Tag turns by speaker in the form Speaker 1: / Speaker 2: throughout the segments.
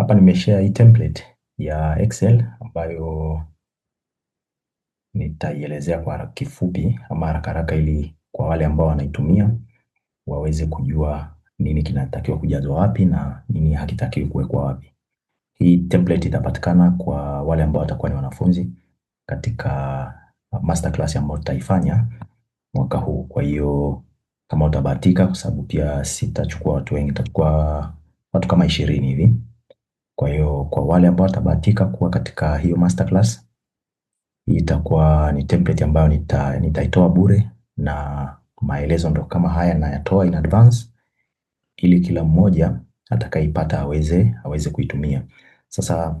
Speaker 1: Hapa nimeshare hii template ya Excel ambayo nitaielezea kwa kifupi ama haraka haraka, ili kwa wale ambao wanaitumia waweze kujua nini kinatakiwa kujazwa wapi na nini hakitakiwi kuwekwa wapi. Hii template itapatikana kwa wale ambao watakuwa ni wanafunzi katika masterclass ambayo tutaifanya mwaka huu. Kwa hiyo kama utabahatika, kwa sababu pia sitachukua watu wengi, itachukua watu kama ishirini hivi. Kwa hiyo kwa wale ambao watabahatika kuwa katika hiyo masterclass, hii itakuwa ni template ambayo nita, nitaitoa bure na maelezo ndo kama haya nayatoa in advance ili kila mmoja atakayeipata aweze aweze kuitumia. Sasa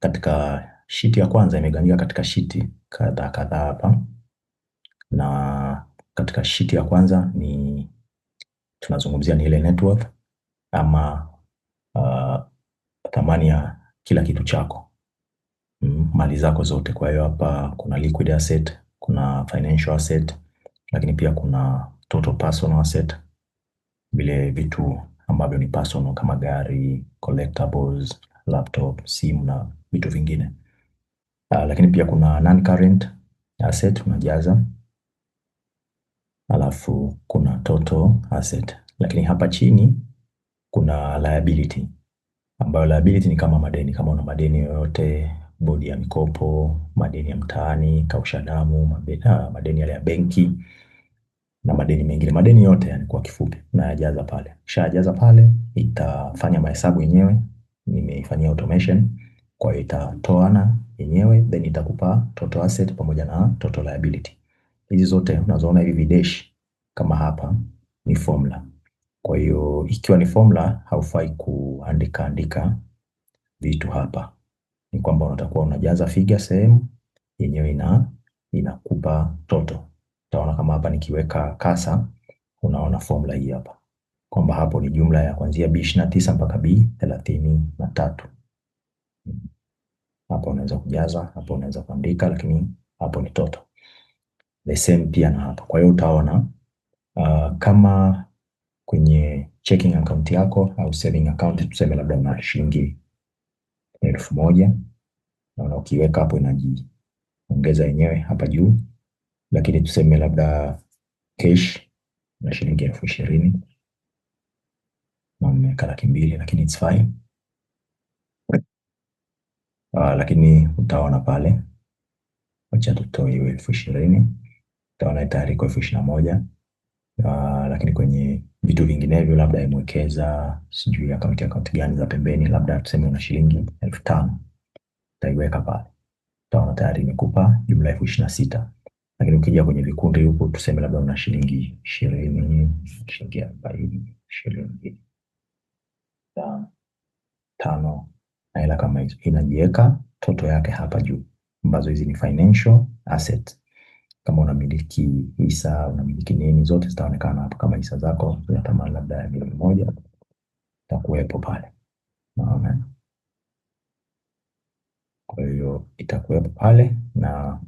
Speaker 1: katika shiti ya kwanza imegawanyika katika shiti kadhaa kadhaa hapa, na katika shiti ya kwanza ni tunazungumzia ni ile net worth ama uh, thamani ya kila kitu chako, mm, mali zako zote. Kwa hiyo hapa kuna liquid asset, kuna financial asset, lakini pia kuna total personal asset, vile vitu ambavyo ni personal kama gari, collectibles, laptop, simu na vitu vingine. Uh, lakini pia kuna non-current asset unajaza, alafu kuna total asset, lakini hapa chini kuna liability ambayo liability ni kama madeni, kama una madeni yoyote, bodi ya mikopo, madeni ya mtaani, kausha damu, ah, madeni yale ya benki na madeni mengine, madeni yote yani kwa kifupi unayajaza pale. Ukishajaza pale, itafanya mahesabu yenyewe, nimeifanyia automation, kwa hiyo itatoana yenyewe, then itakupa total asset pamoja na total liability. Hizi zote unazoona hivi videsh kama hapa ni formula kwa hiyo ikiwa ni formula, haufai kuandika andika vitu hapa, ni kwamba unatakuwa unajaza figure sehemu yenyewe ina inakupa toto. Utaona kama hapa nikiweka kasa, unaona formula hii hapa kwamba hapo ni jumla ya kuanzia B 29 mpaka B 33 Hapo unaweza kujaza, hapo unaweza kuandika, lakini hapo ni toto. The same pia na hapa. Kwa hiyo utaona uh, kama kwenye checking account yako au saving account, tuseme labda una shilingi elfu moja naona ukiweka hapo inajiongeza yenyewe hapa juu, lakini tuseme labda cash na shilingi elfu ishirini na mmeweka laki mbili lakini it's fine. Uh, lakini utaona pale, wacha tutoe hiyo elfu ishirini utaona tayari kwa elfu ishirini na moja Uh, lakini kwenye vitu vinginevyo labda imewekeza sijui akaunti akaunti gani za pembeni, labda tuseme una shilingi elfu tano utaiweka pale, utaona tayari imekupa jumla elfu ishirini na sita. Lakini ukija kwenye vikundi huku, tuseme labda una shilingi ishirini, shilingi arobaini, shilingi tano na hela kama hizo, inajiweka toto yake hapa juu, ambazo hizi ni financial asset kama unamiliki hisa, unamiliki nini, zote zitaonekana hapo. Kama hisa zako zina thamani labda ya milioni moja itakuwepo pale, Naona. Kwa hiyo itakuwepo pale na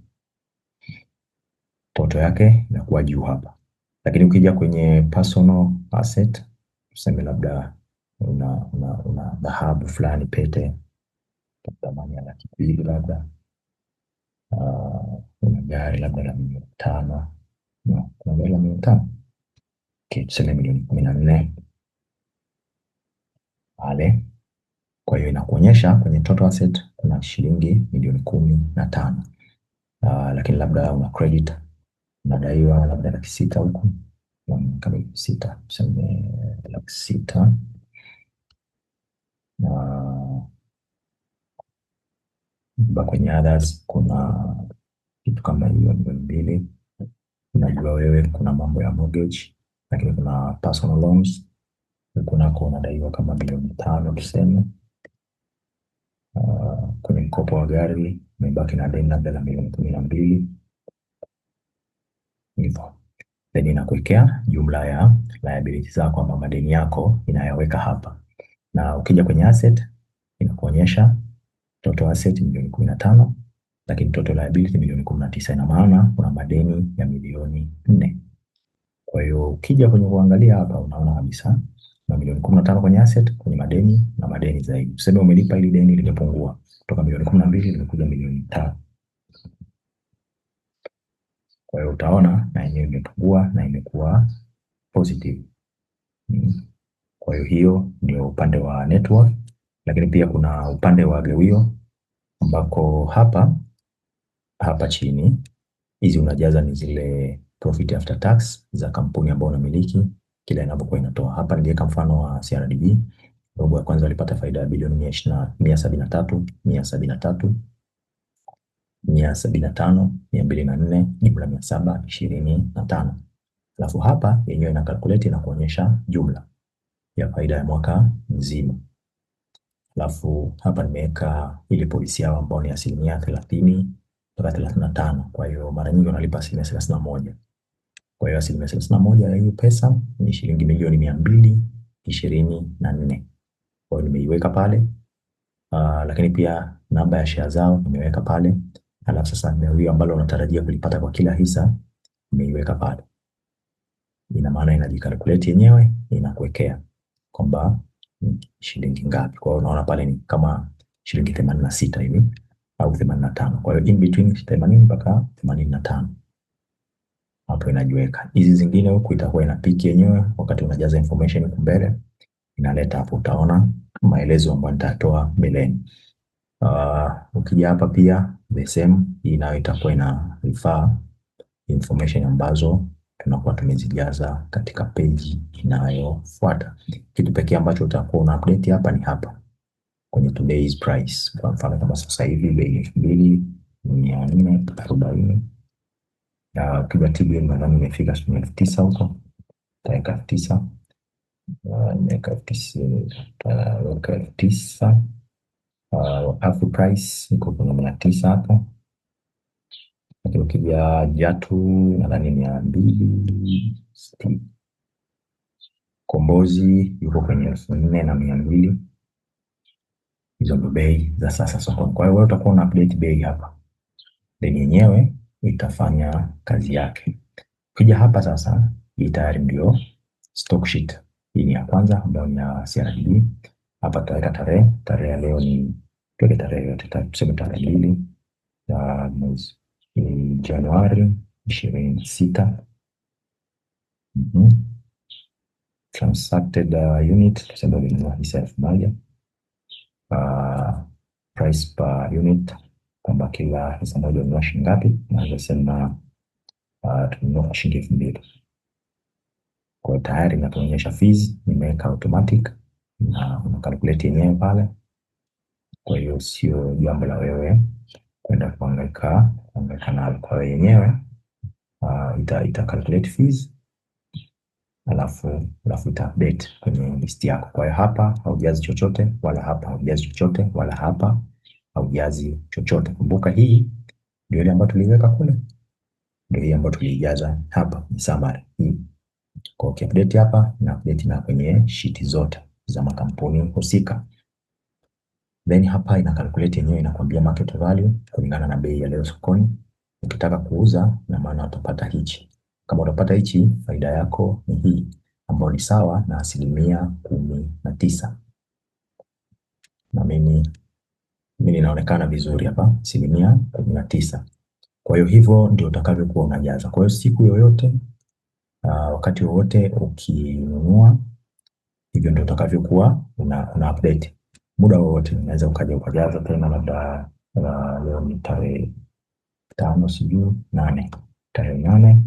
Speaker 1: toto yake inakuwa juu hapa, lakini ukija kwenye personal asset, tuseme labda una una dhahabu fulani, pete thamani ya laki mbili labda kuna gari labda la milioni tano no, kuna gari la milioni tano tuseme milioni kumi na nne pale. Kwa hiyo inakuonyesha kwenye total asset kuna shilingi milioni kumi na tano uh, lakini labda una credit unadaiwa labda laki sita huku kama sita tuseme laki sita na ah, labda kwenye others kuna kitu kama hiyo mbili. Unajua wewe kuna mambo ya mortgage, lakini kuna personal loans, kunako unadaiwa kama milioni tano tuseme uh, ah, kwenye mkopo wa gari umebaki na deni labda la milioni kumi na mbili hivyo then inakuwekea jumla ya liability zako ama madeni yako inayoweka hapa, na ukija kwenye asset inakuonyesha Total asset milioni kumi tano lakini total liability milioni kumi tisa ina maana kuna madeni ya milioni nne. Kwa hiyo ukija kwenye kuangalia hapa unaona kabisa na milioni kumi tano kwenye asset, kwenye madeni na madeni zaidi. Tuseme umelipa ili deni limepungua kutoka milioni kumi na mbili limekuja milioni tano. Kwa hiyo utaona na yenyewe imepungua na imekuwa positive. Hmm. Kwa hiyo hiyo ndio upande wa network lakini pia kuna upande wa gawio ambako hapa hapa chini hizi unajaza ni zile profit after tax za kampuni ambayo unamiliki kila inapokuwa inatoa. Hapa niliweka mfano wa CRDB, robo ya kwanza walipata faida ya bilioni 173, 173, 175, 204, jumla 725. Alafu hapa yenyewe ina calculate na kuonyesha jumla ya faida ya mwaka mzima. Alafu hapa nimeweka ile polisi yao ambayo ni asilimia thelathini mpaka thelathini na tano. Kwa hiyo mara nyingi wanalipa asilimia thelathini na moja. Kwa hiyo asilimia thelathini na moja ya hiyo pesa ni shilingi milioni mia mbili ishirini na nne. Kwa hiyo nimeiweka pale uh, lakini pia namba ya share zao nimeweka pale, alafu sasa eneo hiyo ambalo unatarajia kulipata kwa kila hisa nimeiweka pale. Ina maana inajikalkulate yenyewe, inakuwekea kwamba shilingi ngapi. Kwa hiyo unaona pale ni kama shilingi 86 hivi au 85. Kwa hiyo in between 80 mpaka 85 hapo inajiweka. Hizi zingine huku itakuwa ina piki yenyewe, wakati unajaza information huku mbele inaleta hapo, utaona maelezo ambayo nitatoa mbeleni. Uh, ukija hapa pia the same, hii nayo itakuwa ina refer information ambazo tunakuwa tumezijaza katika peji inayofuata. Kitu pekee ambacho utakuwa una update hapa ni hapa kwenye today's price. Kwa mfano kama sasa hivi bei elfu mbili mia nne arobaini Kiba TBM nadhani imefika sijui elfu tisa huko, taweka elfu tisa nimeweka elfu tisa elfu tisa, ah, price iko kumi tisa hapo lakini ukija Jatu nadhani mia mbili sitini. Kombozi yuko kwenye elfu nne na mia mbili. Hizo ndo bei za sasa sokoni. Kwa hiyo wewe utakuwa una update bei hapa, then yenyewe itafanya kazi yake. Ukija hapa sasa, hii tayari ndio stock sheet. Hii ni ya kwanza ambayo ni ya CRDB. Hapa tutaweka tarehe, tarehe ya leo ni tuweke tarehe yote, tuseme tarehe mbili ya mwezi Januari ishirini sita. mm -hmm. Transacted uh, unit tuseme ulinunua hisa elfu moja. Uh, price per unit kwamba kila hisa moja ununua shilingi ngapi, naweza sema uh, tununua kwa shilingi elfu mbili. Kwa tayari natuonyesha fees nimeweka automatic na unakalkulate yenyewe pale, kwa hiyo sio jambo la wewe kwenda kuangaika kuangaika na alfa yenyewe uh, ita, ita calculate fees alafu alafu ita update kwenye list yako. Kwa hiyo hapa haujazi chochote wala hapa haujazi chochote wala hapa haujazi chochote. Kumbuka hii ndio ile ambayo tuliweka kule, ndio hii ambayo tuliijaza hapa ni summary hii. Kwa hiyo update hapa na update na kwenye sheet zote za makampuni husika. Then hapa ina calculate yenyewe inakwambia market value kulingana na bei ya leo sokoni. Ukitaka kuuza na maana utapata hichi. Kama utapata hichi, faida yako ni hii ambayo ni sawa na asilimia kumi na tisa. Na mimi mimi naonekana vizuri hapa asilimia kumi na tisa. Kwa hiyo hivyo ndio utakavyokuwa unajaza. Kwa hiyo siku yoyote, uh, wakati wowote ukinunua, hivyo ndio utakavyokuwa una, una update muda wowote unaweza ukaja ukajaza tena, labda leo ni tarehe tano sijui nane tarehe nane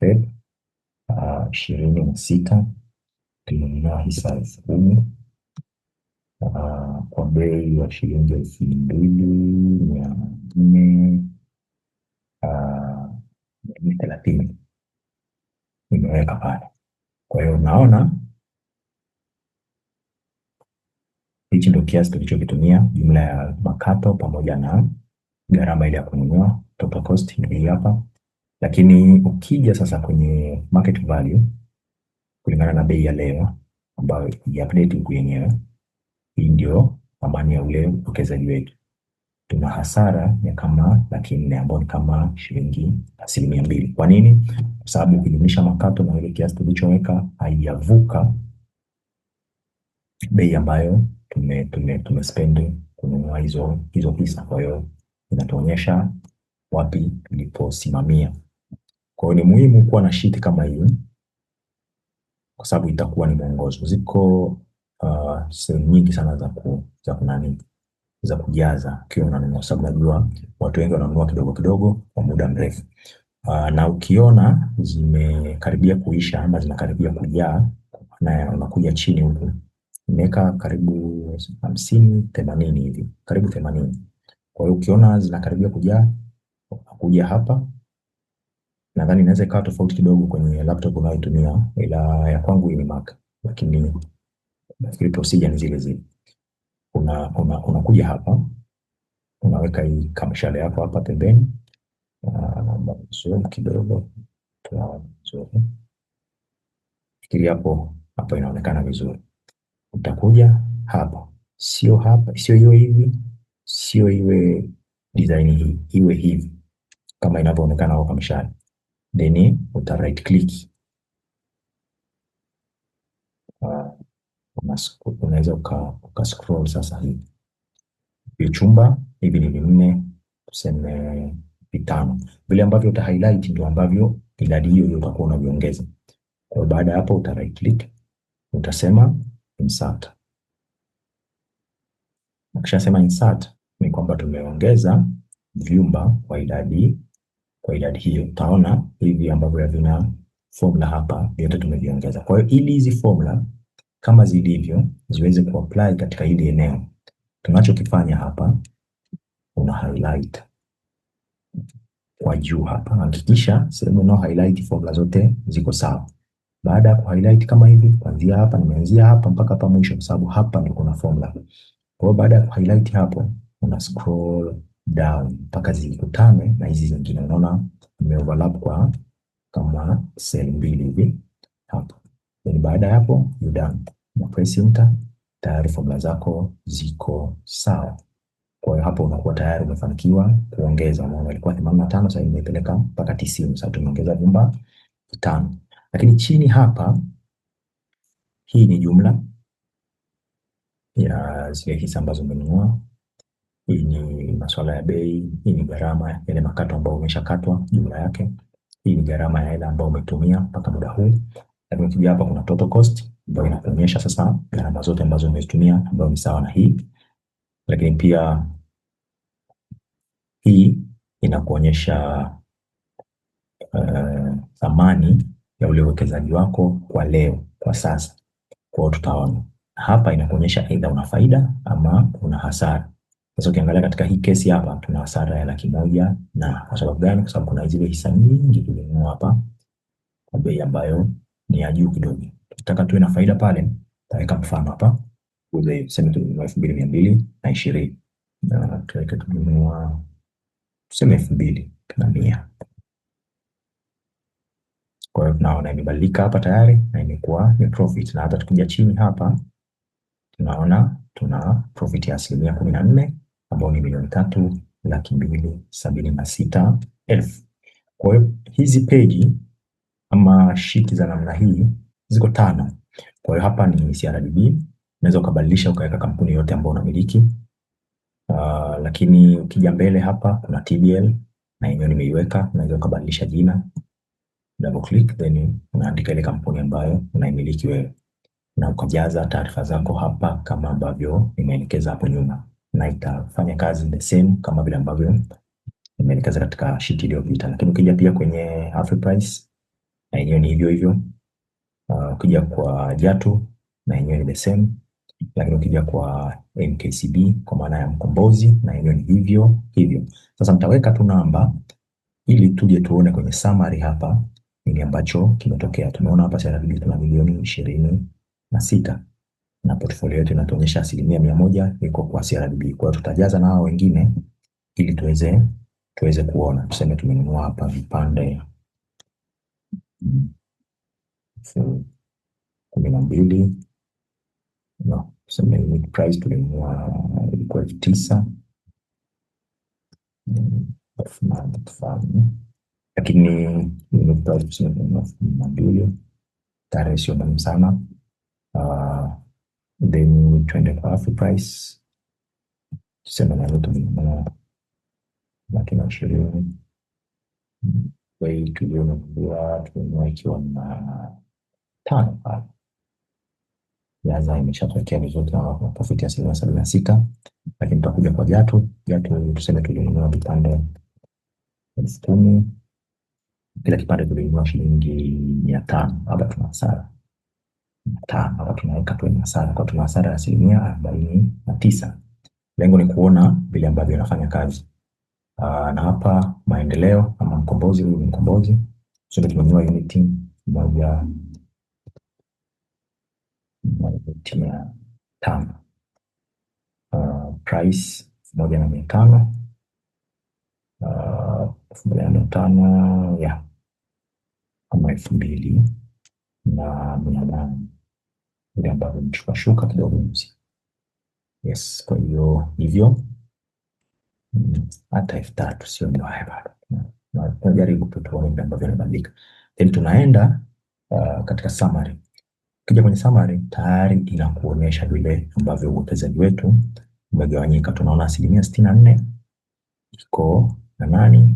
Speaker 1: Feb eh, ah, ishirini na sita tumenunua hisa elfu kumi ah, kwa bei ya shilingi elfu mbili mia nne ah, mia nne thelathini imeweka pale. Kwa hiyo unaona Hichi ndio kiasi tulichokitumia, jumla ya makato pamoja na gharama ile ya kununua, total cost ndio hapa. Lakini ukija sasa kwenye market value kulingana na bei ya leo ambayo update huku yenyewe, hii ndio thamani ya ule uwekezaji wetu. Tuna hasara ya kama laki nne ambayo ni kama shilingi asilimia mbili. Kwa nini? Kwa sababu ukijumlisha makato na ile kiasi tulichoweka haijavuka bei ambayo tume, tume, tumespendi kununua hizo hizo hisa. Kwa hiyo inatuonyesha wapi tuliposimamia. Kwa hiyo ni muhimu kuwa na sheet kama hiyo, kwa sababu itakuwa ni mwongozo. Ziko uh, sehemu nyingi sana za ku, za kunani za kujaza ukiwa unanunua, sababu najua watu wengi wananunua kidogo kidogo kwa muda mrefu uh, na ukiona zimekaribia kuisha ama zinakaribia kujaa, na unakuja chini huku nimeweka karibu hamsini themanini hivi, karibu themanini. Kwa hiyo ukiona zinakaribia kujaa kuja hapa, nadhani inaweza ikawa tofauti kidogo kwenye laptop unayotumia, ila ya kwangu hii ni Mac, lakini nafikiri procedure ni zile zile. Una, una, unakuja hapa unaweka hii kamshale yako hapa pembeni, zoom kidogo fikiri hapo hapo, inaonekana vizuri utakuja hapa, sio hapa, sio iwe hivi, sio iwe design hii, iwe hivi kama inavyoonekana hapo kamishani, then uta right click ah, unaweza uka, uka scroll sasa hivi hiyo chumba hivi ni vinne, tuseme vitano, vile ambavyo uta highlight ndio ambavyo idadi hiyo hiyo utakuwa unaviongeza. Kwa baada ya hapo uta right click utasema insert. Nikishasema insert ni kwamba tumeongeza vyumba kwa idadi kwa idadi hiyo. Utaona hivi ambavyo vina formula hapa vyote tumeviongeza. Kwa hiyo ili hizi formula kama zilivyo ziweze kuapply katika hili eneo, tunachokifanya hapa, una highlight kwa juu hapa, hakikisha sehemu unao highlight formula zote ziko sawa. Baada ya kuhighlight kama hivi, kuanzia hapa nimeanzia hapa mpaka hapa mwisho, kwa sababu hapa ndio kuna formula. Kwa hiyo baada ya kuhighlight hapo, una scroll down mpaka zikutane na hizi zingine. Unaona overlap kwa kama cell mbili hivi hapo. Then baada ya hapo you done. Na press enter, tayari formula zako ziko sawa. Kwa hiyo hapo unakuwa tayari umefanikiwa kuongeza. maana ilikuwa 85 sasa imepeleka mpaka 90, sasa tumeongeza vyumba vitano. Lakini chini hapa, hii ni jumla ya zile hisa ambazo umenunua. Hii ni masuala ya bei, hii ni gharama ya ile makato ambayo umeshakatwa jumla yake, hii ni gharama ya hela ambayo umetumia mpaka muda huu. Lakini ukija hapa, kuna total cost ambayo inakuonyesha sasa gharama zote ambazo umezitumia ambayo ni sawa na hii, lakini pia hii inakuonyesha uh, thamani ya ule uwekezaji wako kwa leo, kwa sasa. Kwa tutaona hapa inakuonyesha aidha una faida ama una hasara. Sasa ukiangalia katika hii kesi hapa tuna hasara ya laki moja na kwa sababu gani? Kwa sababu kuna zile hisa nyingi tulinunua hapa kwa bei ambayo ni ya juu kidogo. Tutaka tuwe na faida pale, taweka mfano hapa, hiyo, sema tulinunua elfu mbili mia mbili na ishirini na tuweke tulinunua tuseme elfu mbili na mia kwa hiyo tunaona imebadilika hapa tayari na imekuwa ni profit, na hata tukija chini hapa tunaona tuna profit ya asilimia kumi na nne ambayo ni milioni tatu laki mbili sabini na sita elfu. Kwa hiyo hizi peji ama shiti za namna hii ziko tano. Kwa hiyo hapa ni CRDB, unaweza ukabadilisha ukaweka kampuni yote ambayo unamiliki. Uh, lakini ukija mbele hapa kuna TBL na yenyewe nimeiweka, unaweza ukabadilisha jina double click then unaandika ile kampuni ambayo unaimiliki wewe na ukajaza taarifa zako hapa kama ambavyo nimeelekeza hapo nyuma, na itafanya kazi the same kama vile ambavyo nimeelekeza katika sheet iliyopita. Lakini ukija pia kwenye half price na yenyewe ni hivyo hivyo. Uh, ukija kwa Jatu na yenyewe ni the same, lakini ukija kwa MKCB kwa maana ya Mkombozi na yenyewe ni hivyo hivyo. Sasa nitaweka tu namba ili tuje tuone kwenye summary hapa nini ambacho kimetokea. Tumeona hapa hivi tuna milioni ishirini na sita na portfolio yetu inatuonyesha asilimia mia moja iko kwa CRDB. Kwa hiyo tutajaza na hao wengine ili tuweze tuweze kuona, tuseme tumenunua hapa vipande kumi na mbili no, tuseme unit price tulinunua ilikuwa elfu tisa elfu nane tufanye lakini nilikuwa na tarehe sio muhimu sana uh, then tuende kwa afri tuseme na leo tumenunua laki na mm, ikiwa na tano pale vizuri na profiti asilimia sabini na sita lakini tutakuja kwa jatu jatu tuseme tulinunua vipande elfu kumi kila kipande tulinunua shilingi mia tano labda tuna hasara tano labda tunaweka tuwe na hasara kwa tuna hasara ya asilimia arobaini na tisa. Lengo ni kuona vile ambavyo inafanya kazi. aa, ah, na hapa maendeleo ama mkombozi, huyu ni mkombozi. sote tumenunua uniti moja mia tano uh, price moja na mia tano ah, elfu na tano ya ama elfu mbili na mia nane vile kidogo Yes, kwa hiyo hivyo hmm, hata elfu tatu sio bado, tunajaribu tu tuone vile ambavyo inabadilika, then tunaenda uh, katika summary. Ukija kwenye summary tayari inakuonyesha vile ambavyo uwekezaji wetu umegawanyika. Tunaona asilimia sitini na nne iko na nani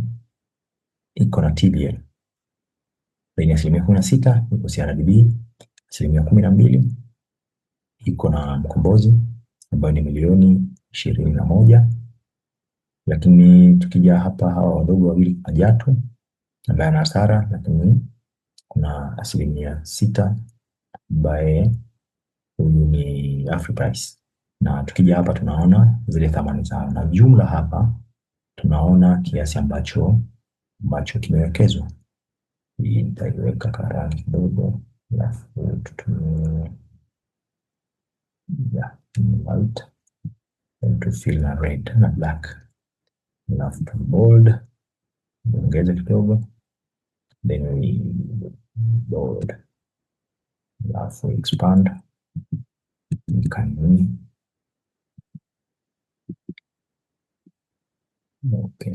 Speaker 1: iko na TDL asilimia kumi na sita iko CRDB, asilimia kumi na mbili iko na mkombozi ambayo ni milioni ishirini na moja. Lakini tukija hapa hawa wadogo wawili Ajatu ambaye ana hasara, lakini kuna asilimia sita ambaye huyu ni Afriprice na tukija hapa tunaona zile thamani zao, na jumla hapa tunaona kiasi ambacho ambacho kimewekezwa. Hii nitaiweka rangi kidogo, alafu tutumie white and to fill na red na black, alafu tu bold ongeze kidogo, then we bold, alafu expand kanuni. Okay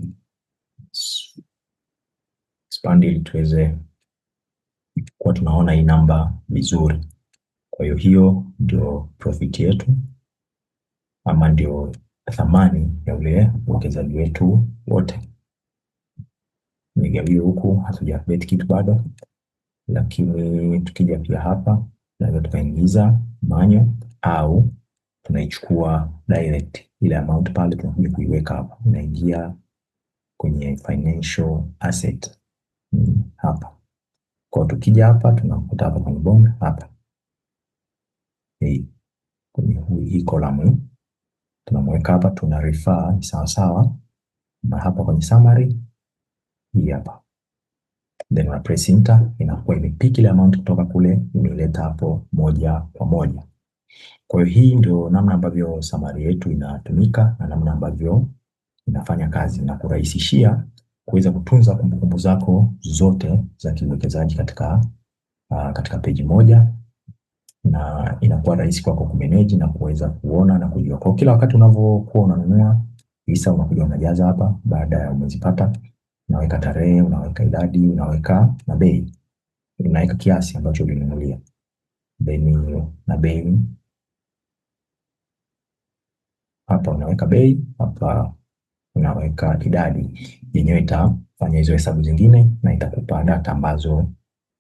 Speaker 1: expand ili tuweze kuwa tunaona hii namba vizuri. Kwa hiyo hiyo ndio profit yetu ama ndio thamani ya ule uwekezaji wetu wote. Nigawio huku hatuja bet kitu bado, lakini tukija pia hapa tunaweza tukaingiza manyo au tunaichukua direct ile amount pale tunakuja kuiweka hapa, unaingia kwenye financial asset hapa. Kwa tukija hapa tunakuta hapa kwenye bonge hapa hii kwenye hii kolamu tunamweka hapa, tuna refer sawa sawa na hapa kwenye summary hii hapa, then una press enter, inakuwa imepick ile amount kutoka kule, imeleta hapo moja kwa moja. Kwa hiyo hii ndio namna ambavyo summary yetu inatumika na namna ambavyo inafanya kazi na kurahisishia kuweza kutunza kumbukumbu zako zote za kiuwekezaji katika, uh, katika peji moja na inakuwa rahisi kwako kumeneji na kuweza kuona na kujua. Kwa kila wakati unavyokuwa unanunua hisa unakuja unajaza hapa, baada ya umezipata unaweka tarehe, unaweka idadi, unaweka na bei, unaweka kiasi ambacho ulinunulia, then na bei hapa unaweka bei hapa unaweka idadi yenyewe, itafanya hizo hesabu zingine na itakupa data ambazo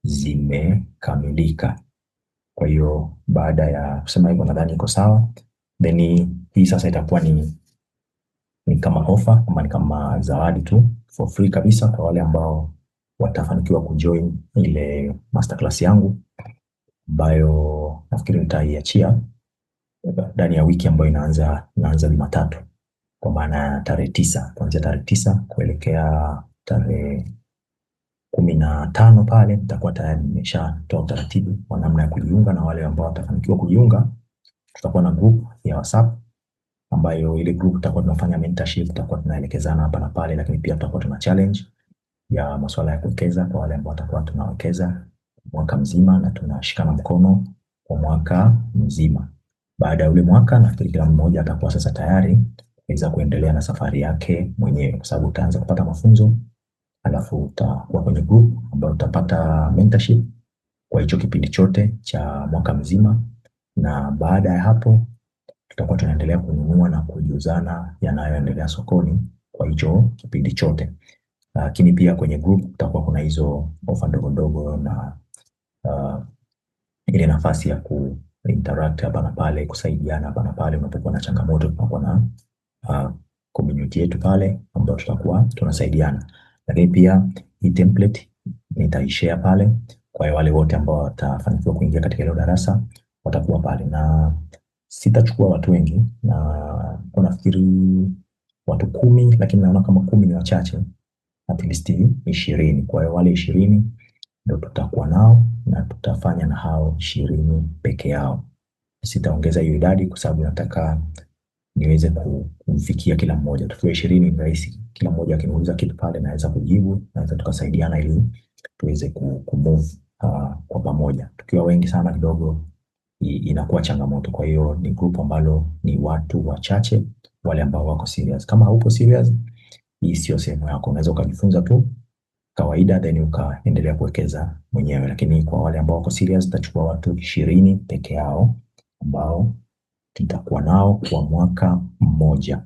Speaker 1: zimekamilika. Kwa hiyo baada ya kusema hivyo, nadhani iko sawa. Then hii sasa itakuwa ni ni kama ofa ama ni kama zawadi tu for free kabisa kwa wale ambao watafanikiwa kujoin ile masterclass yangu ambayo nafikiri nitaiachia ndani ya wiki ambayo inaanza inaanza Jumatatu kwa maana ya tarehe tisa, kuanzia tarehe tisa kuelekea tarehe kumi na tano pale nitakuwa tayari nimeshatoa utaratibu wa namna ya kujiunga, na wale ambao watafanikiwa kujiunga, tutakuwa na group ya WhatsApp ambayo ile group tutakuwa tunafanya mentorship, tutakuwa tunaelekezana hapa na pale, lakini pia tutakuwa tuna challenge ya masuala ya kuwekeza kwa wale ambao watakuwa tunawekeza mwaka mzima na tunashikana mkono kwa mwaka mzima. Baada ya ule mwaka, nafikiri kila mmoja atakuwa sasa tayari za kuendelea na safari yake mwenyewe, kwa sababu utaanza kupata mafunzo, alafu utakuwa kwenye group ambayo utapata mentorship kwa hicho kipindi chote cha mwaka mzima, na baada ya hapo tutakuwa tunaendelea kununua na kujuzana yanayoendelea sokoni kwa hicho kipindi chote. Lakini pia kwenye group kutakuwa kuna hizo ofa ndogo ndogo na uh, ile nafasi ya ku interact hapa na pale, kusaidiana hapa na pale unapokuwa na changamoto, tunakuwa na uh, community yetu pale ambayo tutakuwa tunasaidiana, lakini pia hii template nitaishare pale. Kwa hiyo wale wote ambao watafanikiwa kuingia katika ile darasa watakuwa pale, na sitachukua watu wengi, na nafikiri watu kumi, lakini naona kama kumi ni wachache, at least ishirini. Kwa hiyo wale ishirini ndio tutakuwa nao na tutafanya na hao ishirini peke yao. Sitaongeza hiyo idadi kwa sababu nataka niweze kumfikia kila mmoja. Tukiwa ishirini ni rahisi, kila mmoja akiniuliza kitu pale naweza kujibu, naweza tukasaidiana ili tuweze kumove uh, ah, kwa pamoja. Tukiwa wengi sana kidogo inakuwa changamoto. Kwa hiyo ni group ambalo ni watu wachache wale ambao wako serious. Kama haupo serious, hii sio sehemu yako. Unaweza ukajifunza tu kawaida then ukaendelea kuwekeza mwenyewe, lakini kwa wale ambao wako serious, tutachukua watu ishirini peke yao ambao nitakuwa nao kwa mwaka mmoja.